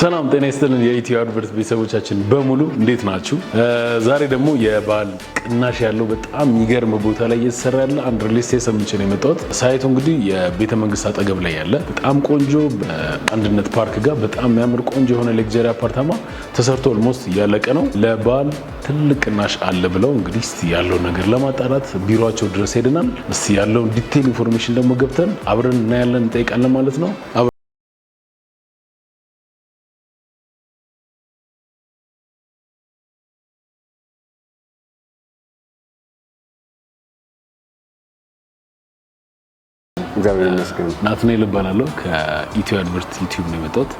ሰላም ጤና ይስጥልን የኢትዮ አድቨርት ቤተሰቦቻችን በሙሉ እንዴት ናችሁ? ዛሬ ደግሞ የበዓል ቅናሽ ያለው በጣም የሚገርም ቦታ ላይ እየተሰራ ያለ አንድ ሪል ሰምቼ ነው የመጣሁት። ሳይቱ እንግዲህ የቤተ መንግስት አጠገብ ላይ ያለ በጣም ቆንጆ በአንድነት ፓርክ ጋር በጣም የሚያምር ቆንጆ የሆነ ሌክጀሪ አፓርታማ ተሰርቶ ኦልሞስት እያለቀ ነው። ለበዓል ትልቅ ቅናሽ አለ ብለው እንግዲህ እስቲ ያለው ነገር ለማጣራት ቢሮቸው ድረስ ሄደናል። እስቲ ያለውን ዲቴል ኢንፎርሜሽን ደግሞ ገብተን አብረን እናያለን፣ እንጠይቃለን ማለት ነው። እግዚአብሔር ይመስገን። ናትናኤል እባላለሁ ከኢትዮ አድቨርት ዩቲዩብ ነው የመጣሁት።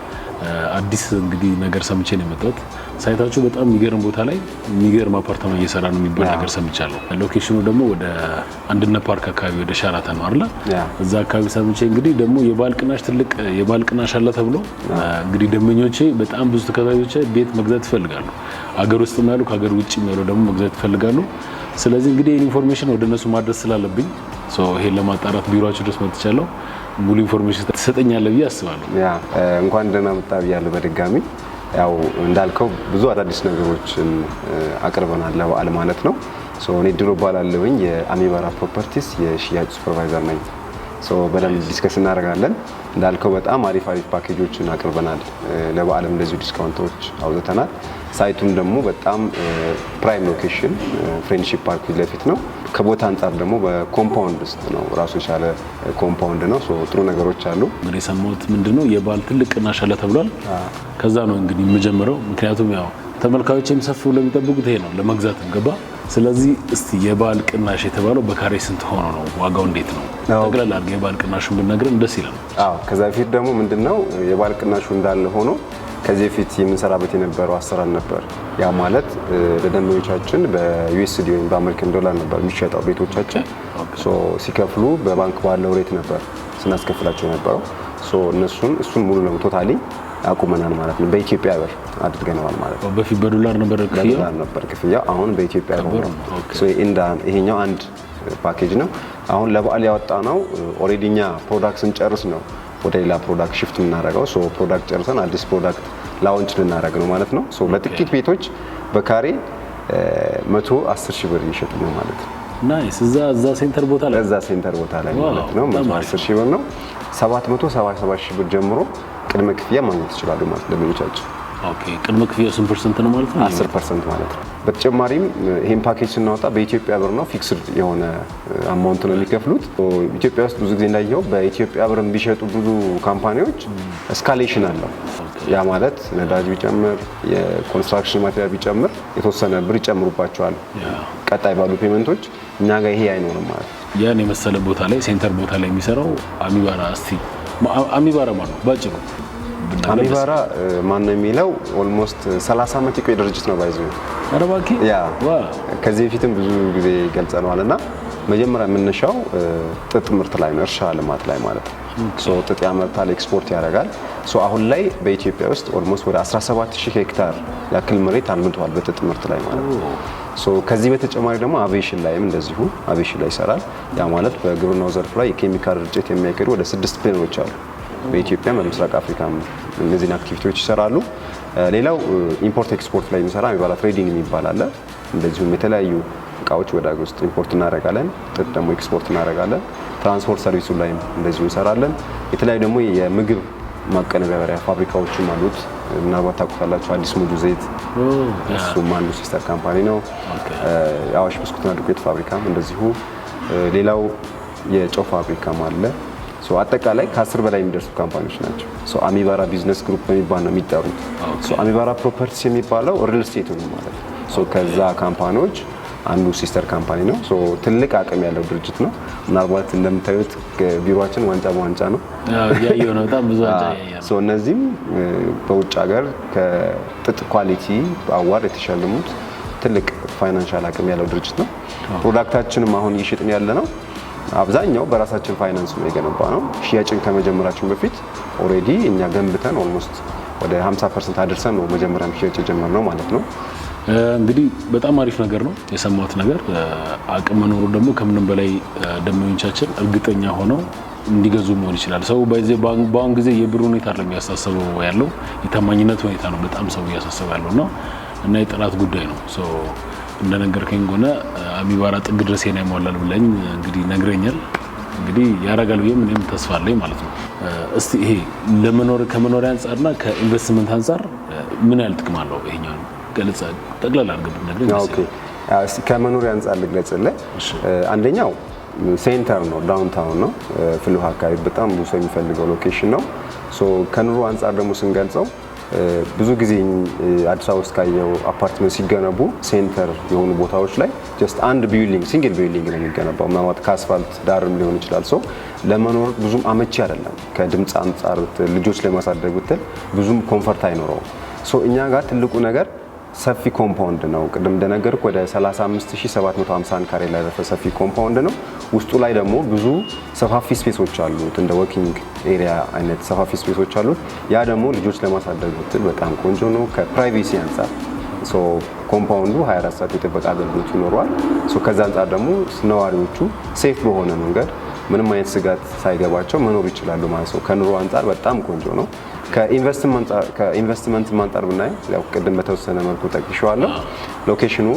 አዲስ እንግዲህ ነገር ሰምቼ ነው የመጣሁት። ሳይታችሁ በጣም የሚገርም ቦታ ላይ የሚገርም አፓርታማ እየሰራ ነው የሚባል ነገር ሰምቻለሁ። ሎኬሽኑ ደግሞ ወደ አንድነት ፓርክ አካባቢ ወደ ሸራተን ነው አይደል? እዛ አካባቢ ሰምቼ እንግዲህ ደግሞ የበዓል ቅናሽ ትልቅ የበዓል ቅናሽ አለ ተብሎ እንግዲህ ደንበኞቼ በጣም ብዙ ተከታዮች ቤት መግዛት ይፈልጋሉ። አገር ውስጥ ያሉ ከሀገር ውጭ ያሉ ደግሞ መግዛት ይፈልጋሉ። ስለዚህ እንግዲህ ኢንፎርሜሽን ወደ እነሱ ማድረስ ስላለብኝ ይሄን ለማጣራት ቢሮአችሁ ድረስ መጥቻለሁ። ሙሉ ኢንፎርሜሽን ትሰጠኛለህ ብዬ አስባለሁ። እንኳን ደህና መጣ ብያለሁ በድጋሚ ያው እንዳልከው ብዙ አዳዲስ ነገሮችን አቅርበናል ለበዓል ማለት ነው። እኔ ድሮ እባላለሁኝ የአሚባራ ፕሮፐርቲስ የሽያጭ ሱፐርቫይዘር ነኝ። በደንብ ዲስከስ እናደርጋለን። እንዳልከው በጣም አሪፍ አሪፍ ፓኬጆችን አቅርበናል። ለበዓልም እንደዚሁ ዲስካውንቶች አውጥተናል። ሳይቱም ደግሞ በጣም ፕራይም ሎኬሽን ፍሬንድሺፕ ፓርክ ፊት ለፊት ነው። ከቦታ አንጻር ደግሞ በኮምፓውንድ ውስጥ ነው። ራሱ የቻለ ኮምፓውንድ ነው። ጥሩ ነገሮች አሉ። እንግዲህ የሰማሁት ምንድን የበዓል ትልቅ ቅናሽ አለ ተብሏል። ከዛ ነው እንግዲህ የምጀምረው ምክንያቱም ያው ተመልካዮች የሚሰፍ ብሎ የሚጠብቁት ይሄ ነው ለመግዛት ገባ። ስለዚህ እስቲ የበዓል ቅናሽ የተባለው በካሬ ስንት ሆኖ ነው? ዋጋው እንዴት ነው? ጠቅለል አድርገህ የበዓል ቅናሹን ብትነግረን ደስ ይላል። አዎ፣ ከዛ በፊት ደግሞ ምንድን ነው የበዓል ቅናሹ እንዳለ ሆኖ ከዚህ በፊት የምንሰራበት የነበረው አሰራር ነበር። ያ ማለት ለደንበኞቻችን በዩኤስዲ ወይም በአሜሪካን ዶላር ነበር የሚሸጠው ቤቶቻችን። ሲከፍሉ በባንክ ባለው ሬት ነበር ስናስከፍላቸው የነበረው እነሱን እሱን ሙሉ ነው ቶታሊ አቁመናል ማለት ነው። በኢትዮጵያ ብር አድርገነዋል ማለት ነው። በፊት በዶላር ነበር ክፍያው ነበር ክፍያው አሁን በኢትዮጵያ ብር ይሄኛው አንድ ፓኬጅ ነው። አሁን ለበዓል ያወጣ ነው። ኦልሬዲ እኛ ፕሮዳክት ስንጨርስ ነው ወደ ሌላ ፕሮዳክት ሽፍት የምናደርገው። ሶ ፕሮዳክት ጨርሰን አዲስ ፕሮዳክት ላውንች ልናደርግ ነው ማለት ነው። ሶ ለጥቂት ቤቶች በካሬ 110 ሺህ ብር እየሸጥ ነው ማለት ነው። ናይስ እዛ እዛ ሴንተር ቦታ ላይ እዛ ሴንተር ቦታ ላይ ማለት ነው 110 ሺህ ብር ነው 777 ሺህ ብር ጀምሮ ቅድመ ክፍያ ማግኘት ይችላሉ ማለት ደንበኞቻችን። ቅድመ ክፍያ ስንት ፐርሰንት ነው ማለት ነው? 10 ፐርሰንት ማለት ነው። በተጨማሪም ይህን ፓኬጅ ስናወጣ በኢትዮጵያ ብር ነው ፊክስድ የሆነ አማውንት ነው የሚከፍሉት። ኢትዮጵያ ውስጥ ብዙ ጊዜ እንዳየው በኢትዮጵያ ብር የሚሸጡ ብዙ ካምፓኒዎች እስካሌሽን አለው። ያ ማለት ነዳጅ ቢጨምር፣ የኮንስትራክሽን ማቴሪያል ቢጨምር የተወሰነ ብር ይጨምሩባቸዋል። ቀጣይ ባሉ ፔመንቶች እኛ ጋር ይሄ አይኖርም ማለት ነው። ያን የመሰለ ቦታ ላይ ሴንተር ቦታ ላይ የሚሰራው አሚባራ እስቲ አሚባራ ማለት ባጭሩ አሚባራ ማን ነው የሚለው ኦልሞስት 30 ዓመት የቆየ ድርጅት ነው ባይዙ አረባኪ ያ ከዚህ በፊትም ብዙ ጊዜ ገልጸነዋል እና መጀመሪያ የምንሻው ጥጥ ምርት ላይ ነው፣ እርሻ ልማት ላይ ማለት ነው። ጥጥ ያመርታል፣ ኤክስፖርት ያደርጋል። አሁን ላይ በኢትዮጵያ ውስጥ ኦልሞስት ወደ 17000 ሄክታር ያክል መሬት አልምቷል በጥጥ ምርት ላይ ማለት ነው። ከዚህ በተጨማሪ ደግሞ አቬሽን ላይም እንደዚሁ አቬሽን ላይ ይሰራል። ያ ማለት በግብርናው ዘርፍ ላይ የኬሚካል ርጭት የሚያካሄዱ ወደ ስድስት ፕሌኖች አሉ በኢትዮጵያ በምስራቅ አፍሪካ እነዚህን አክቲቪቲዎች ይሰራሉ። ሌላው ኢምፖርት ኤክስፖርት ላይ የሚሰራ የሚባላ ትሬዲንግ የሚባል አለ። እንደዚሁም የተለያዩ እቃዎች ወደ ሀገር ውስጥ ኢምፖርት እናደርጋለን፣ ጥጥ ደግሞ ኤክስፖርት እናደርጋለን። ትራንስፖርት ሰርቪሱ ላይም እንደዚሁ እንሰራለን። የተለያዩ ደግሞ የምግብ ማቀነባበሪያ ፋብሪካዎችም አሉት። ምናልባት ታውቁታላችሁ፣ አዲስ ሙሉ ዘይት እሱም አንዱ ሲስተር ካምፓኒ ነው። አዋሽ ብስኩትና ዱቄት ፋብሪካም እንደዚሁ፣ ሌላው የጨው ፋብሪካም አለ። አጠቃላይ ከአስር በላይ የሚደርሱ ካምፓኒዎች ናቸው አሚባራ ቢዝነስ ግሩፕ በሚባል ነው የሚጠሩት። አሚባራ ፕሮፐርቲስ የሚባለው ሪል ስቴቱን ማለት ነው ከዛ ካምፓኒዎች አንዱ ሲስተር ካምፓኒ ነው። ትልቅ አቅም ያለው ድርጅት ነው። ምናልባት እንደምታዩት ቢሮችን ዋንጫ በዋንጫ ነው። እነዚህም በውጭ ሀገር ከጥጥ ኳሊቲ አዋር የተሸለሙት ትልቅ ፋይናንሻል አቅም ያለው ድርጅት ነው። ፕሮዳክታችንም አሁን እየሸጥን ያለ ነው። አብዛኛው በራሳችን ፋይናንስ ነው የገነባ ነው። ሽያጭን ከመጀመራችን በፊት ኦልሬዲ እኛ ገንብተን ኦልሞስት ወደ 50 ፐርሰንት አድርሰን ነው መጀመሪያም ሽያጭ የጀመርነው ማለት ነው። እንግዲህ በጣም አሪፍ ነገር ነው የሰማሁት ነገር። አቅም መኖሩ ደግሞ ከምንም በላይ ደንበኞቻችን እርግጠኛ ሆነው እንዲገዙ መሆን ይችላል። ሰው በአሁን ጊዜ የብር ሁኔታ አይደለም እያሳሰበው ያለው የታማኝነት ሁኔታ ነው በጣም ሰው እያሳሰበ ያለው እና እና የጥራት ጉዳይ ነው። እንደነገርከኝ ከሆነ አሚባራ ጥግ ድረስ ና ይሟላል ብለኝ እንግዲህ ነግረኛል። እንግዲህ ያረጋል ብዬ ምንም ተስፋ አለኝ ማለት ነው። እስቲ ይሄ ለመኖር ከመኖሪያ አንጻርና ከኢንቨስትመንት አንጻር ምን ያህል ጥቅም አለው ይሄኛው ነው? ገለጻ ጠቅላላ ከመኖሪያ አንጻር ልግለጽልህ። አንደኛው ሴንተር ነው፣ ዳውንታውን ነው። ፍልውሃ አካባቢ በጣም ብዙ ሰው የሚፈልገው ሎኬሽን ነው። ከኑሮ አንጻር ደግሞ ስንገልጸው ብዙ ጊዜ አዲስ አበባ ውስጥ ካየው አፓርትመንት ሲገነቡ ሴንተር የሆኑ ቦታዎች ላይ ጀስት አንድ ቢልዲንግ ሲንግል ቢልዲንግ ነው የሚገነባው። ምናልባት ከአስፋልት ዳርም ሊሆን ይችላል። ሰው ለመኖር ብዙም አመቺ አይደለም። ከድምፅ አንጻር ብትል፣ ልጆች ለማሳደግ ብትል ብዙም ኮንፈርት አይኖረውም። እኛ ጋር ትልቁ ነገር ሰፊ ኮምፓውንድ ነው። ቅድም እንደነገርኩ ወደ 35751 ካሬ ላይ ሰፊ ኮምፓውንድ ነው። ውስጡ ላይ ደግሞ ብዙ ሰፋፊ ስፔሶች አሉት፣ እንደ ወኪንግ ኤሪያ አይነት ሰፋፊ ስፔሶች አሉት። ያ ደግሞ ልጆች ለማሳደግ ብትል በጣም ቆንጆ ነው ከፕራይቬሲ አንጻር። ኮምፓውንዱ 24 ሰዓት የጥበቃ አገልግሎት ይኖረዋል። ከዛ አንጻር ደግሞ ነዋሪዎቹ ሴፍ በሆነ መንገድ ምንም አይነት ስጋት ሳይገባቸው መኖር ይችላሉ ማለት ነው። ከኑሮ አንጻር በጣም ቆንጆ ነው። ከኢንቨስትመንት አንጻር ብናይ ያው ቅድም በተወሰነ መልኩ ጠቅሼዋለሁ። ሎኬሽኑ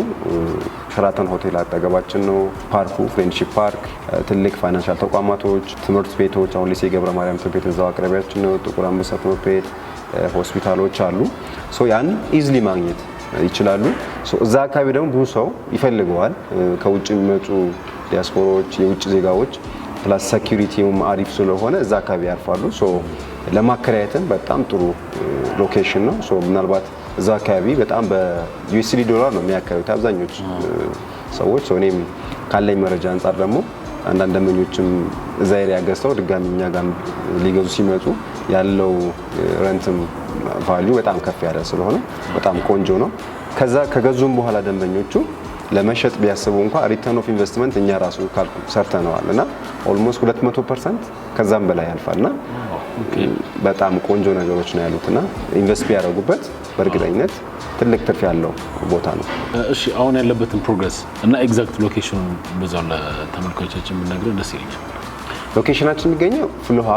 ሸራተን ሆቴል አጠገባችን ነው። ፓርኩ ፍሬንድሺፕ ፓርክ፣ ትልቅ ፋይናንሻል ተቋማቶች፣ ትምህርት ቤቶች አሁን ሊሴ ገብረ ማርያም ትምህርት ቤት እዛው አቅራቢያችን ነው። ጥቁር አንበሳ ትምህርት ቤት፣ ሆስፒታሎች አሉ። ሶ ያን ኢዝሊ ማግኘት ይችላሉ። እዛ አካባቢ ደግሞ ብዙ ሰው ይፈልገዋል። ከውጭ የሚመጡ ዲያስፖሮች፣ የውጭ ዜጋዎች ፕላስ ሴኪሪቲውም አሪፍ ስለሆነ እዛ አካባቢ ያርፋሉ። ለማከራየትም በጣም ጥሩ ሎኬሽን ነው። ምናልባት እዛ አካባቢ በጣም በዩኤስዲ ዶላር ነው የሚያከራዩት አብዛኞቹ ሰዎች። እኔም ካለኝ መረጃ አንጻር ደግሞ አንዳንድ ደንበኞችም እዛ ኤሪያ ገዝተው ድጋሚ እኛ ጋር ሊገዙ ሲመጡ ያለው ረንትም ቫሊዩ በጣም ከፍ ያለ ስለሆነ በጣም ቆንጆ ነው። ከዛ ከገዙም በኋላ ደንበኞቹ ለመሸጥ ቢያስቡ እንኳ ሪተርን ኦፍ ኢንቨስትመንት እኛ ራሱ ካልኩል ሰርተነዋል እና ኦልሞስት 200 ፐርሰንት ከዛም በላይ ያልፋል እና በጣም ቆንጆ ነገሮች ነው ያሉት እና ኢንቨስት ቢያደርጉበት በእርግጠኝነት ትልቅ ትርፍ ያለው ቦታ ነው። እሺ አሁን ያለበትን ፕሮግረስ እና ኤግዛክት ሎኬሽኑ በዛው ለተመልካቾች የምናገረው ደስ ይለኛል። ሎኬሽናችን የሚገኘው ፍልውሃ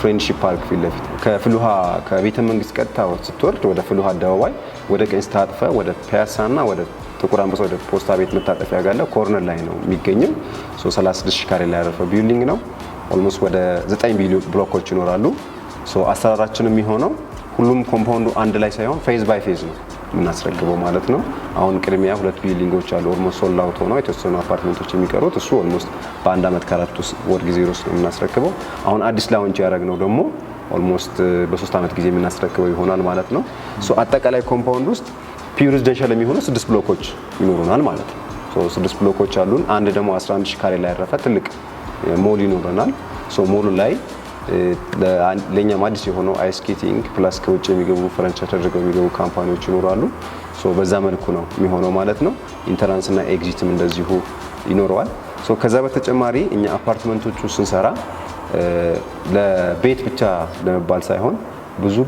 ፍሬንድሺፕ ፓርክ ፊት ለፊት ከፍልውሃ ከቤተ መንግስት ቀጥታ ስትወርድ ወደ ፍልውሃ አደባባይ ወደ ቀኝ ስታጥፈ ወደ ፒያሳ እና ወደ ጥቁር አንበሳ ወደ ፖስታ ቤት መታጠፊያ ጋር ኮርነር ላይ ነው የሚገኘው። 36 ካሬ ላይ ያረፈ ቢልዲንግ ነው። ኦልሞስት ወደ 9 ብሎኮች ይኖራሉ። አሰራራችን የሚሆነው ሁሉም ኮምፓውንዱ አንድ ላይ ሳይሆን ፌዝ ባይ ፌዝ ነው የምናስረግበው ማለት ነው። አሁን ቅድሚያ ሁለት ቢልዲንጎች አሉ ኦልሞስት ሶልድ አውት ሆነው የተወሰኑ አፓርትመንቶች የሚቀሩት እሱ ኦልሞስት በአንድ ዓመት ከአራት ወር ጊዜ ውስጥ ነው የምናስረክበው። አሁን አዲስ ላውንች ያደረግነው ደግሞ ኦልሞስት በሶስት ዓመት ጊዜ የምናስረክበው ይሆናል ማለት ነው። አጠቃላይ ኮምፓውንድ ውስጥ ፒው ሬዚደንሻል የሚሆኑ ስድስት ብሎኮች ይኖሩናል ማለት ነው። ስድስት ብሎኮች አሉን። አንድ ደግሞ 11 ሺ ካሬ ላይ ያረፈ ትልቅ ሞል ይኖረናል። ሞሉ ላይ ለእኛም አዲስ የሆነው አይስኬቲንግ ፕላስ ከውጭ የሚገቡ ፈረንቻ ተደርገው የሚገቡ ካምፓኒዎች ይኖራሉ። በዛ መልኩ ነው የሚሆነው ማለት ነው። እና ኤግዚትም እንደዚሁ ይኖረዋል። ከዛ በተጨማሪ እኛ አፓርትመንቶቹ ስንሰራ ለቤት ብቻ ለመባል ሳይሆን ብዙ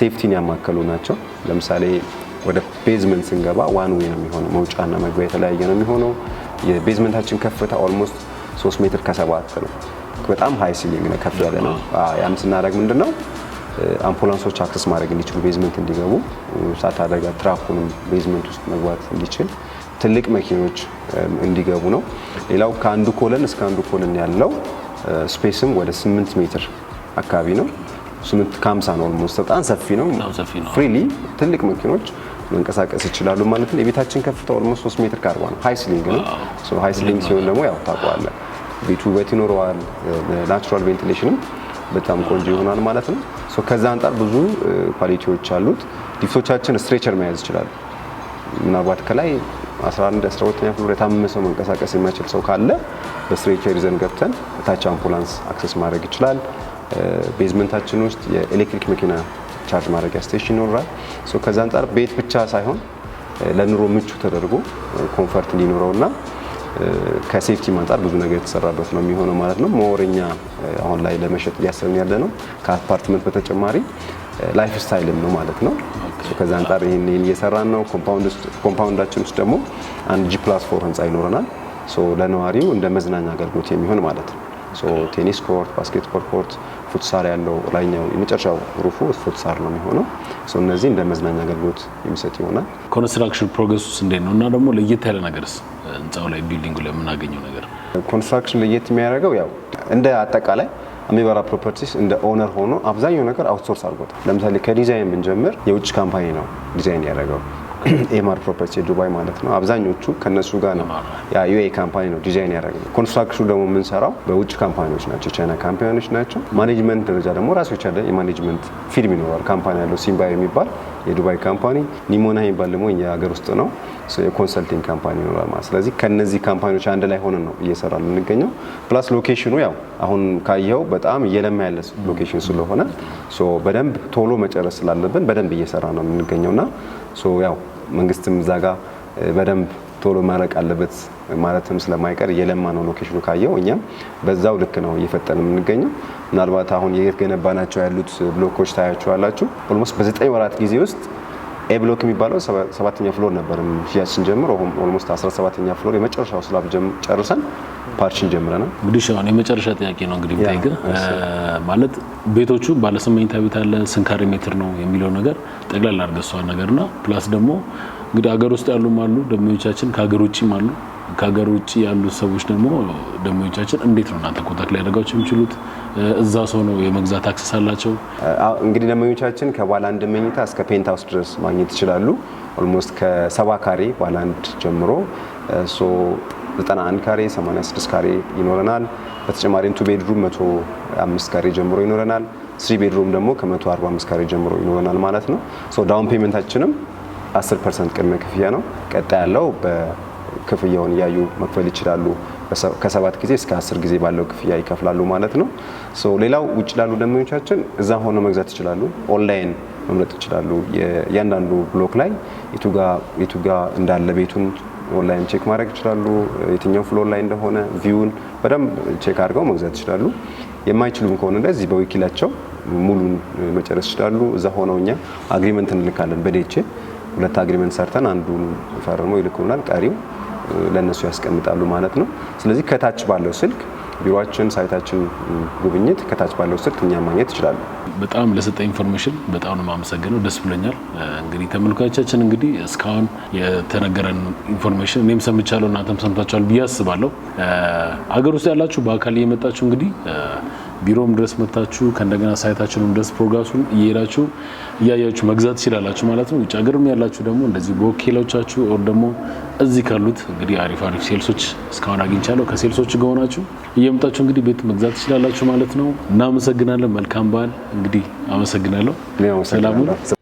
ሴፍቲን ያማከሉ ናቸው። ለምሳሌ ወደ ቤዝመንት ስንገባ ዋን ዌይ ነው የሚሆነው። መውጫና መግቢያ የተለያየ ነው የሚሆነው። የቤዝመንታችን ከፍታ ኦልሞስት 3 ሜትር ከሰባት ነው። በጣም ሀይ ሲሊንግ ነው፣ ከፍ ያለ ነው። ያም ስናደርግ ምንድን ነው አምቡላንሶች አክሰስ ማድረግ እንዲችሉ ቤዝመንት እንዲገቡ ሳታደጋ ትራኩንም ቤዝመንት ውስጥ መግባት እንዲችል ትልቅ መኪኖች እንዲገቡ ነው። ሌላው ከአንዱ ኮለን እስከ አንዱ ኮለን ያለው ስፔስም ወደ 8 ሜትር አካባቢ ነው። ከ 50 ነው። ኦልሞስት በጣም ሰፊ ነው። ፍሪሊ ትልቅ መኪኖች መንቀሳቀስ ይችላሉ ማለት ነው። የቤታችን ከፍታ ኦልሞስት 3 ሜትር ካርባ ነው። ሀይ ሲሊንግ ነው። ሀይ ሲሊንግ ሲሆን ደግሞ ያው ታውቀዋለህ፣ ቤቱ ውበት ይኖረዋል። ናቹራል ቬንቲሌሽንም በጣም ቆንጆ ይሆናል ማለት ነው። ከዛ አንጻር ብዙ ኳሊቲዎች uh, አሉት። ሊፍቶቻችን ስትሬቸር መያዝ ይችላሉ። ምናልባት ከላይ 11 12ኛ ፍሎር የታመመ ሰው መንቀሳቀስ የማይችል ሰው ካለ በስትሬቸር ይዘን ገብተን እታች አምቡላንስ አክሰስ ማድረግ ይችላል። ቤዝመንታችን uh, ውስጥ የኤሌክትሪክ መኪና ቻርጅ ማድረጊያ ስቴሽን ይኖራል። ከዛ አንጻር ቤት ብቻ ሳይሆን ለኑሮ ምቹ ተደርጎ ኮንፈርት እና ከሴፍቲ አንጻር ብዙ ነገር የተሰራበት ነው የሚሆነው ማለት ነው። መወረኛ አሁን ላይ ለመሸጥ እያሰብን ያለ ነው። ከአፓርትመንት በተጨማሪ ላይፍ ስታይልም ነው ማለት ነው። ከዛ አንጻር ይህን እየሰራን ነው። ኮምፓውንዳችን ውስጥ ደግሞ አንድ ጂ ፕላስ ፎር ህንፃ ይኖረናል። ለነዋሪው እንደ መዝናኛ አገልግሎት የሚሆን ማለት ነው። ቴኒስ ኮርት፣ ባስኬትቦል ኮርት ፉትሳር ያለው ላይኛው የመጨረሻው ሩፉ ፉትሳር ነው የሚሆነው። እነዚህ እንደ መዝናኛ አገልግሎት የሚሰጥ ይሆናል። ኮንስትራክሽን ፕሮግረስ ውስጥ እንዴት ነው እና ደግሞ ለየት ያለ ነገርስ ህንፃው ላይ ቢልዲንጉ ላይ የምናገኘው ነገር ኮንስትራክሽን ለየት የሚያደርገው ያው እንደ አጠቃላይ አሚባራ ፕሮፐርቲስ እንደ ኦነር ሆኖ አብዛኛው ነገር አውትሶርስ አድርጎታል። ለምሳሌ ከዲዛይን ብንጀምር የውጭ ካምፓኒ ነው ዲዛይን ያደረገው ኤማር ፕሮፐርቲ ዱባይ ማለት ነው። አብዛኞቹ ከነሱ ጋር ነው። ያ ዩኤ ካምፓኒ ነው ዲዛይን ያደረግነው። ኮንስትራክሽኑ ደግሞ የምንሰራው በውጭ ካምፓኒዎች ናቸው፣ የቻይና ካምፓኒዎች ናቸው። ማኔጅመንት ደረጃ ደግሞ ራሱ የቻለ የማኔጅመንት ፊልም ይኖራል። ካምፓኒ ያለው ሲምባ የሚባል የዱባይ ካምፓኒ፣ ኒሞና የሚባል ደግሞ የሀገር ውስጥ ነው የኮንሰልቲንግ ካምፓኒ ይኖራል ማለት። ስለዚህ ከነዚህ ካምፓኒዎች አንድ ላይ ሆነን ነው እየሰራ የምንገኘው። ፕላስ ሎኬሽኑ ያው አሁን ካየው በጣም እየለማ ያለ ሎኬሽን ስለሆነ በደንብ ቶሎ መጨረስ ስላለብን በደንብ እየሰራ ነው የምንገኘውና ያው መንግስትም እዛ ጋር በደንብ ቶሎ ማድረግ አለበት ማለትም ስለማይቀር የለማ ነው ሎኬሽኑ ካየው፣ እኛም በዛው ልክ ነው እየፈጠን የምንገኘው። ምናልባት አሁን የገነባናቸው ያሉት ብሎኮች ታያችኋላችሁ። ኦልሞስት በዘጠኝ ወራት ጊዜ ውስጥ ኤ ብሎክ የሚባለው ሰባተኛ ፍሎር ነበር ሽያጭ ስንጀምር፣ ኦልሞስት 17ኛ ፍሎር የመጨረሻው ስላብ ጨርሰን ፓርችን ጀምረናል። እንግዲህ ሲሆን የመጨረሻ ጥያቄ ነው እንግዲህ ብታይግ ማለት ቤቶቹ ባለ ስምንት መኝታ ቤት አለ ስንት ካሬ ሜትር ነው የሚለው ነገር ጠቅላላ አድርገሷል ነገርና ፕላስ ደግሞ እንግዲህ ሀገር ውስጥ ያሉም አሉ ደንበኞቻችን፣ ከሀገር ውጭም አሉ። ከሀገር ውጭ ያሉት ሰዎች ደግሞ ደንበኞቻችን እንዴት ነው እናንተ ኮንታክት ላይ ያደርጋቸው የሚችሉት እዛ ሰው ነው የመግዛት አክሰስ አላቸው። እንግዲህ ደንበኞቻችን ከባለ አንድ መኝታ እስከ ፔንት ሀውስ ድረስ ማግኘት ይችላሉ። ኦልሞስት ከሰባ ካሬ ባለ አንድ ጀምሮ 91 ካሬ፣ 86 ካሬ ይኖረናል። በተጨማሪም ቱ ቤድሩም 105 ካሬ ጀምሮ ይኖረናል። ስሪ ቤድሩም ደግሞ ከ145 ካሬ ጀምሮ ይኖረናል ማለት ነው። ዳውን ፔመንታችንም 10 ፐርሰንት ቅድመ ክፍያ ነው። ቀጣ ያለው ክፍያውን እያዩ መክፈል ይችላሉ። ከሰባት ጊዜ እስከ አስር ጊዜ ባለው ክፍያ ይከፍላሉ ማለት ነው። ሌላው ውጭ ላሉ ደንበኞቻችን እዛ ሆነ መግዛት ይችላሉ። ኦንላይን መምረጥ ይችላሉ። እያንዳንዱ ብሎክ ላይ የቱጋ እንዳለ ቤቱን ኦንላይን ቼክ ማድረግ ይችላሉ። የትኛው ፍሎር ላይ እንደሆነ ቪውን በደንብ ቼክ አድርገው መግዛት ይችላሉ። የማይችሉም ከሆነ እንደዚህ በዊኪላቸው ሙሉን መጨረስ ይችላሉ። እዛ ሆነው እኛ አግሪመንት እንልካለን። በዴቼ ሁለት አግሪመንት ሰርተን አንዱን ፈርሞ ይልኩናል። ቀሪው ለነሱ ያስቀምጣሉ ማለት ነው። ስለዚህ ከታች ባለው ስልክ ቢሮችን፣ ሳይታችን ጉብኝት ከታች ባለው ስልክ እኛ ማግኘት ይችላሉ። በጣም ለሰጠ ኢንፎርሜሽን በጣም ነው የማመሰግነው። ደስ ብሎኛል። እንግዲህ ተመልካቾቻችን እንግዲህ እስካሁን የተነገረን ኢንፎርሜሽን እኔም ሰምቻለሁ እናንተም ሰምታችኋል ብዬ አስባለሁ። አገር ውስጥ ያላችሁ በአካል የመጣችሁ እንግዲህ ቢሮም ድረስ መታችሁ ከእንደገና ሳይታችንም ድረስ ፕሮግራሱን እየሄዳችሁ እያያችሁ መግዛት ይችላላችሁ ማለት ነው። ውጭ ሀገርም ያላችሁ ደግሞ እንደዚህ በወኪሎቻችሁ ኦር ደግሞ እዚህ ካሉት እንግዲህ አሪፍ አሪፍ ሴልሶች እስካሁን አግኝቻለሁ። ከሴልሶች ከሆናችሁ እየመጣችሁ እንግዲህ ቤት መግዛት ይችላላችሁ ማለት ነው። እናመሰግናለን። መልካም በዓል። እንግዲህ አመሰግናለሁ። ሰላሙ